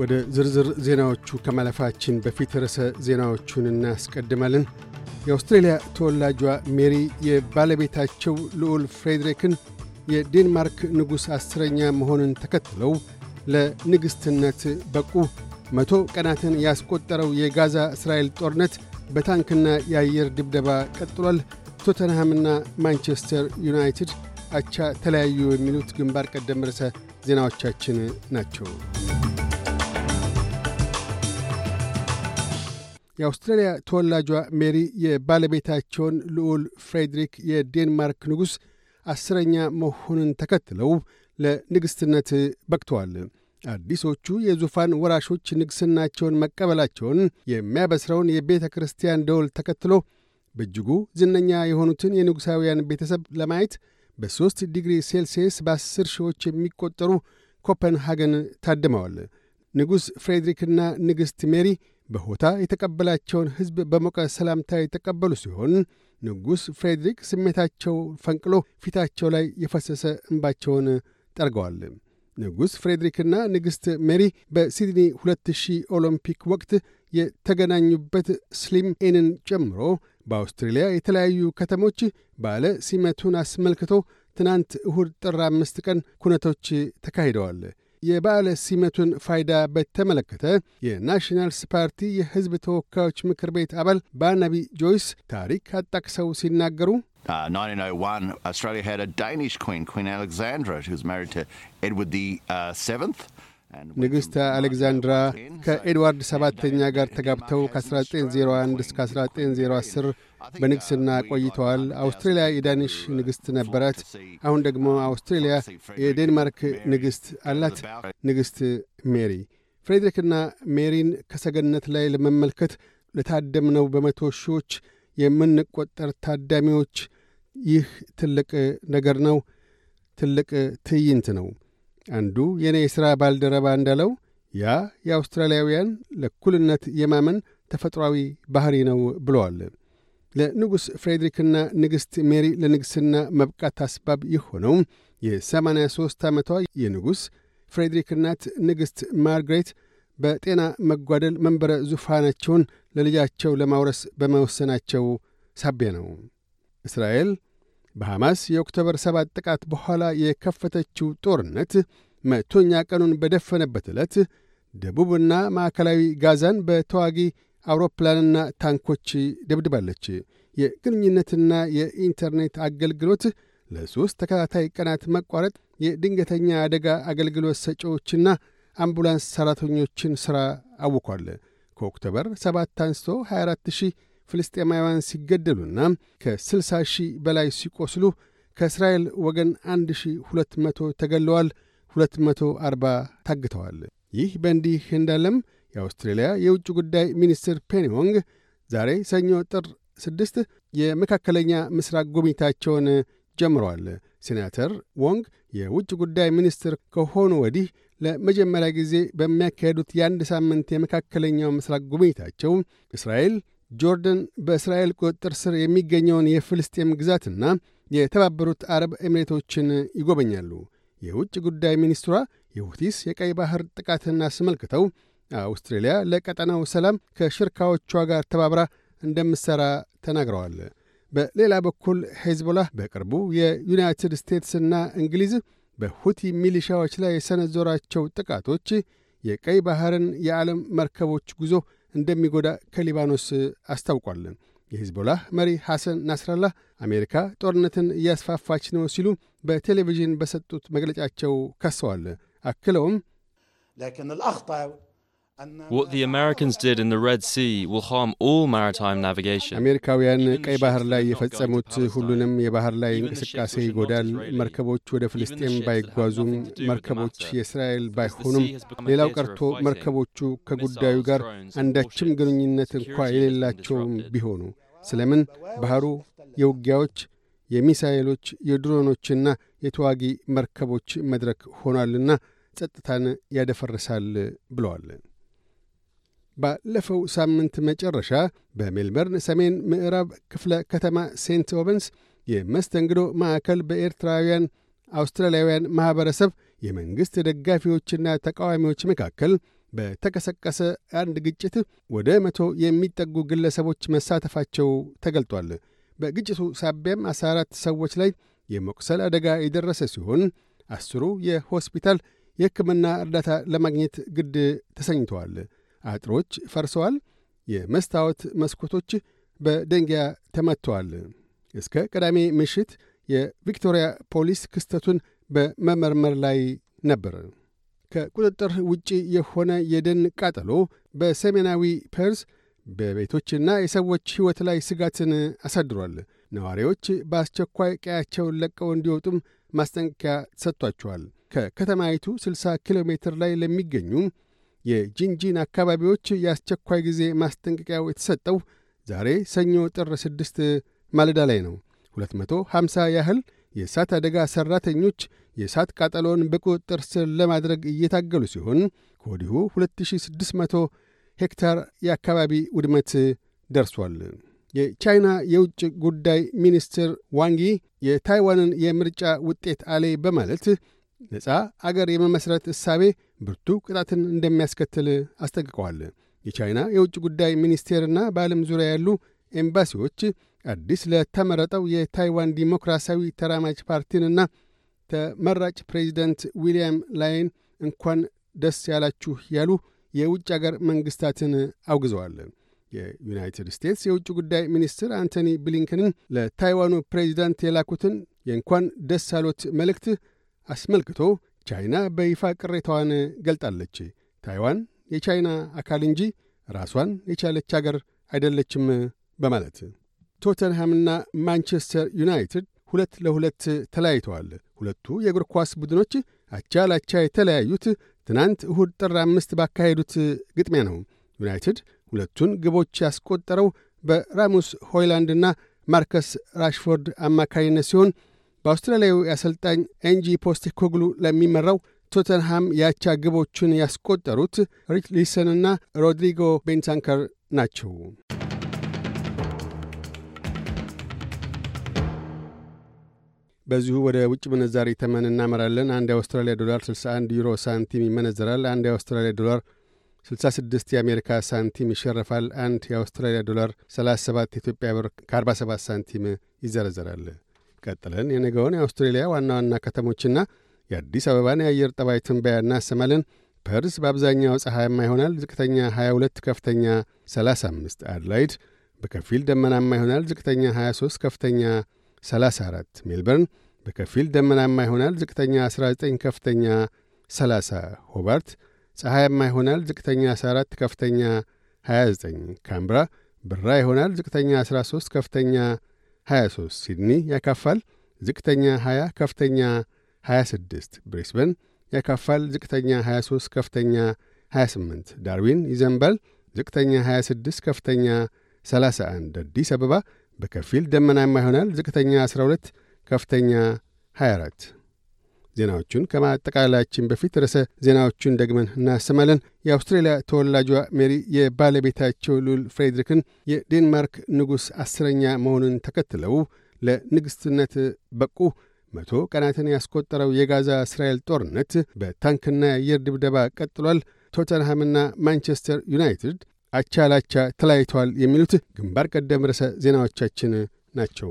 ወደ ዝርዝር ዜናዎቹ ከማለፋችን በፊት ርዕሰ ዜናዎቹን እናስቀድማለን። የአውስትሬልያ ተወላጇ ሜሪ የባለቤታቸው ልዑል ፍሬድሪክን የዴንማርክ ንጉሥ አስረኛ መሆንን ተከትለው ለንግሥትነት በቁ። መቶ ቀናትን ያስቆጠረው የጋዛ እስራኤል ጦርነት በታንክና የአየር ድብደባ ቀጥሏል። ቶተንሃምና ማንቸስተር ዩናይትድ አቻ ተለያዩ። የሚሉት ግንባር ቀደም ርዕሰ ዜናዎቻችን ናቸው። የአውስትራሊያ ተወላጇ ሜሪ የባለቤታቸውን ልዑል ፍሬድሪክ የዴንማርክ ንጉሥ አስረኛ መሆንን ተከትለው ለንግሥትነት በቅተዋል። አዲሶቹ የዙፋን ወራሾች ንግሥናቸውን መቀበላቸውን የሚያበስረውን የቤተ ክርስቲያን ደወል ተከትሎ በእጅጉ ዝነኛ የሆኑትን የንጉሣውያን ቤተሰብ ለማየት በሦስት ዲግሪ ሴልሲየስ በአስር ሺዎች የሚቆጠሩ ኮፐንሃገን ታድመዋል። ንጉሥ ፍሬድሪክና ንግሥት ሜሪ በሆታ የተቀበላቸውን ሕዝብ በሞቀ ሰላምታ የተቀበሉ ሲሆን ንጉሥ ፍሬድሪክ ስሜታቸው ፈንቅሎ ፊታቸው ላይ የፈሰሰ እንባቸውን ጠርገዋል። ንጉሥ ፍሬድሪክና ንግሥት ሜሪ በሲድኒ 2000 ኦሎምፒክ ወቅት የተገናኙበት ስሊም ኤንን ጨምሮ በአውስትሬልያ የተለያዩ ከተሞች ባለ ሲመቱን አስመልክቶ ትናንት እሁድ ጥር አምስት ቀን ኩነቶች ተካሂደዋል። የበዓለ ሲመቱን ፋይዳ በተመለከተ የናሽናልስ ፓርቲ የሕዝብ ተወካዮች ምክር ቤት አባል ባናቢ ጆይስ ታሪክ አጣቅሰው ሲናገሩ በ1901 አውስትራሊያ ንግሥተ አሌግዛንድራ ከኤድዋርድ ሰባተኛ ጋር ተጋብተው ከ1901 እስከ 1910 በንግሥና ቆይተዋል። አውስትሬልያ የዳንሽ ንግሥት ነበራት። አሁን ደግሞ አውስትሬልያ የዴንማርክ ንግሥት አላት፣ ንግሥት ሜሪ። ፍሬድሪክና ሜሪን ከሰገነት ላይ ለመመልከት ለታደምነው በመቶ ሺዎች የምንቆጠር ታዳሚዎች ይህ ትልቅ ነገር ነው፣ ትልቅ ትዕይንት ነው። አንዱ የእኔ የሥራ ባልደረባ እንዳለው ያ የአውስትራሊያውያን ለእኩልነት የማመን ተፈጥሯዊ ባሕሪ ነው ብለዋል። ለንጉሥ ፍሬድሪክና ንግሥት ሜሪ ለንግሥና መብቃት አስባብ የሆነው የ83 ዓመቷ የንጉሥ ፍሬድሪክ እናት ንግሥት ማርግሬት በጤና መጓደል መንበረ ዙፋናቸውን ለልጃቸው ለማውረስ በመወሰናቸው ሳቢያ ነው። እስራኤል በሐማስ የኦክቶበር 7 ጥቃት በኋላ የከፈተችው ጦርነት መቶኛ ቀኑን በደፈነበት ዕለት ደቡብና ማዕከላዊ ጋዛን በተዋጊ አውሮፕላንና ታንኮች ደብድባለች። የግንኙነትና የኢንተርኔት አገልግሎት ለሦስት ተከታታይ ቀናት መቋረጥ የድንገተኛ አደጋ አገልግሎት ሰጪዎችና አምቡላንስ ሠራተኞችን ሥራ አውኳል። ከኦክቶበር 7 አንስቶ 24 ፍልስጤማውያን ሲገደሉና ከ60 ሺህ በላይ ሲቆስሉ ከእስራኤል ወገን 1200 ተገለዋል፣ 240 ታግተዋል። ይህ በእንዲህ እንዳለም የአውስትሬልያ የውጭ ጉዳይ ሚኒስትር ፔኒ ዎንግ ዛሬ ሰኞ ጥር ስድስት የመካከለኛ ምስራቅ ጉብኝታቸውን ጀምረዋል። ሴናተር ዎንግ የውጭ ጉዳይ ሚኒስትር ከሆኑ ወዲህ ለመጀመሪያ ጊዜ በሚያካሄዱት የአንድ ሳምንት የመካከለኛው ምስራቅ ጉብኝታቸው እስራኤል ጆርደን በእስራኤል ቁጥጥር ስር የሚገኘውን የፍልስጤም ግዛትና የተባበሩት አረብ ኤሚሬቶችን ይጎበኛሉ። የውጭ ጉዳይ ሚኒስትሯ የሁቲስ የቀይ ባህር ጥቃትን አስመልክተው አውስትሬልያ ለቀጠናው ሰላም ከሽርካዎቿ ጋር ተባብራ እንደምትሠራ ተናግረዋል። በሌላ በኩል ሄዝቦላህ በቅርቡ የዩናይትድ ስቴትስና እንግሊዝ በሁቲ ሚሊሻዎች ላይ የሰነዘሯቸው ጥቃቶች የቀይ ባህርን የዓለም መርከቦች ጉዞ እንደሚጎዳ ከሊባኖስ አስታውቋል። የሂዝቦላህ መሪ ሐሰን ናስራላ አሜሪካ ጦርነትን እያስፋፋች ነው ሲሉ በቴሌቪዥን በሰጡት መግለጫቸው ከሰዋል። አክለውም ላኪን What the Americans did in the Red Sea will harm all maritime navigation. አሜሪካውያን ቀይ ባህር ላይ የፈጸሙት ሁሉንም የባህር ላይ እንቅስቃሴ ይጎዳል። መርከቦች ወደ ፍልስጤም ባይጓዙም፣ መርከቦች የእስራኤል ባይሆኑም፣ ሌላው ቀርቶ መርከቦቹ ከጉዳዩ ጋር አንዳችም ግንኙነት እንኳ የሌላቸውም ቢሆኑ ስለምን ባህሩ የውጊያዎች የሚሳኤሎች የድሮኖችና የተዋጊ መርከቦች መድረክ ሆኗልና ጸጥታን ያደፈርሳል ብለዋል። ባለፈው ሳምንት መጨረሻ በሜልበርን ሰሜን ምዕራብ ክፍለ ከተማ ሴንት ኦቨንስ የመስተንግዶ ማዕከል በኤርትራውያን አውስትራሊያውያን ማኅበረሰብ የመንግሥት ደጋፊዎችና ተቃዋሚዎች መካከል በተቀሰቀሰ አንድ ግጭት ወደ መቶ የሚጠጉ ግለሰቦች መሳተፋቸው ተገልጧል። በግጭቱ ሳቢያም 14 ሰዎች ላይ የመቁሰል አደጋ የደረሰ ሲሆን አስሩ የሆስፒታል የሕክምና እርዳታ ለማግኘት ግድ ተሰኝተዋል። አጥሮች ፈርሰዋል። የመስታወት መስኮቶች በደንጊያ ተመትተዋል። እስከ ቅዳሜ ምሽት የቪክቶሪያ ፖሊስ ክስተቱን በመመርመር ላይ ነበር። ከቁጥጥር ውጪ የሆነ የደን ቃጠሎ በሰሜናዊ ፐርስ በቤቶችና የሰዎች ሕይወት ላይ ስጋትን አሳድሯል። ነዋሪዎች በአስቸኳይ ቀያቸውን ለቀው እንዲወጡም ማስጠንቀቂያ ተሰጥቷቸዋል። ከከተማይቱ 60 ኪሎ ሜትር ላይ ለሚገኙ የጂንጂን አካባቢዎች የአስቸኳይ ጊዜ ማስጠንቀቂያው የተሰጠው ዛሬ ሰኞ ጥር 6 ማለዳ ላይ ነው። 250 ያህል የእሳት አደጋ ሠራተኞች የእሳት ቃጠሎን በቁጥጥር ስር ለማድረግ እየታገሉ ሲሆን ከወዲሁ 2600 ሄክታር የአካባቢ ውድመት ደርሷል። የቻይና የውጭ ጉዳይ ሚኒስትር ዋንጊ የታይዋንን የምርጫ ውጤት አሌ በማለት ነፃ አገር የመመስረት እሳቤ ብርቱ ቅጣትን እንደሚያስከትል አስጠንቅቀዋል። የቻይና የውጭ ጉዳይ ሚኒስቴርና በዓለም ዙሪያ ያሉ ኤምባሲዎች አዲስ ለተመረጠው የታይዋን ዲሞክራሲያዊ ተራማጅ ፓርቲንና ተመራጭ ፕሬዚደንት ዊልያም ላይን እንኳን ደስ ያላችሁ ያሉ የውጭ አገር መንግሥታትን አውግዘዋል። የዩናይትድ ስቴትስ የውጭ ጉዳይ ሚኒስትር አንቶኒ ብሊንከንን ለታይዋኑ ፕሬዚዳንት የላኩትን የእንኳን ደስ አሎት መልእክት አስመልክቶ ቻይና በይፋ ቅሬታዋን ገልጣለች። ታይዋን የቻይና አካል እንጂ ራሷን የቻለች አገር አይደለችም በማለት ቶተንሃምና ማንቸስተር ዩናይትድ ሁለት ለሁለት ተለያይተዋል። ሁለቱ የእግር ኳስ ቡድኖች አቻ ላቻ የተለያዩት ትናንት እሁድ ጥር አምስት ባካሄዱት ግጥሚያ ነው። ዩናይትድ ሁለቱን ግቦች ያስቆጠረው በራሙስ ሆይላንድና ማርከስ ራሽፎርድ አማካይነት ሲሆን በአውስትራሊያዊ አሰልጣኝ ኤንጂ ፖስቴኮግሉ ለሚመራው ቶተንሃም የአቻ ግቦቹን ያስቆጠሩት ሪች ሊሰንና ሮድሪጎ ቤንታንከር ናቸው። በዚሁ ወደ ውጭ ምንዛሪ ተመን እናመራለን። አንድ የአውስትራሊያ ዶላር 61 ዩሮ ሳንቲም ይመነዘራል። አንድ የአውስትራሊያ ዶላር 66 የአሜሪካ ሳንቲም ይሸረፋል። አንድ የአውስትራሊያ ዶላር 37 ኢትዮጵያ ብር ከ47 ሳንቲም ይዘረዘራል። ቀጥለን የነገውን የአውስትሬልያ ዋና ዋና ከተሞችና የአዲስ አበባን የአየር ጠባይ ትንበያ እናሰማለን። ፐርስ በአብዛኛው ፀሐያማ ይሆናል። ዝቅተኛ 22፣ ከፍተኛ 35። አድላይድ በከፊል ደመናማ ይሆናል። ዝቅተኛ 23፣ ከፍተኛ 34። ሜልበርን በከፊል ደመናማ ይሆናል። ዝቅተኛ 19፣ ከፍተኛ 30። ሆባርት ፀሐያማ ይሆናል። ዝቅተኛ 14፣ ከፍተኛ 29። ካምብራ ብራ ይሆናል። ዝቅተኛ 13፣ ከፍተኛ 23 ሲድኒ ያካፋል፣ ዝቅተኛ 20 ከፍተኛ 26 ብሬስበን ያካፋል፣ ዝቅተኛ 23 ከፍተኛ 28 ዳርዊን ይዘንባል፣ ዝቅተኛ 26 ከፍተኛ 31 አዲስ አበባ በከፊል ደመናማ ይሆናል፣ ዝቅተኛ 12 ከፍተኛ 24 ዜናዎቹን ከማጠቃላያችን በፊት ርዕሰ ዜናዎቹን ደግመን እናሰማለን። የአውስትሬልያ ተወላጇ ሜሪ የባለቤታቸው ሉል ፍሬድሪክን የዴንማርክ ንጉሥ አስረኛ መሆኑን ተከትለው ለንግሥትነት በቁ። መቶ ቀናትን ያስቆጠረው የጋዛ እስራኤል ጦርነት በታንክና የአየር ድብደባ ቀጥሏል። ቶተንሃምና ማንቸስተር ዩናይትድ አቻ ላቻ ተለያይተዋል። የሚሉት ግንባር ቀደም ርዕሰ ዜናዎቻችን ናቸው።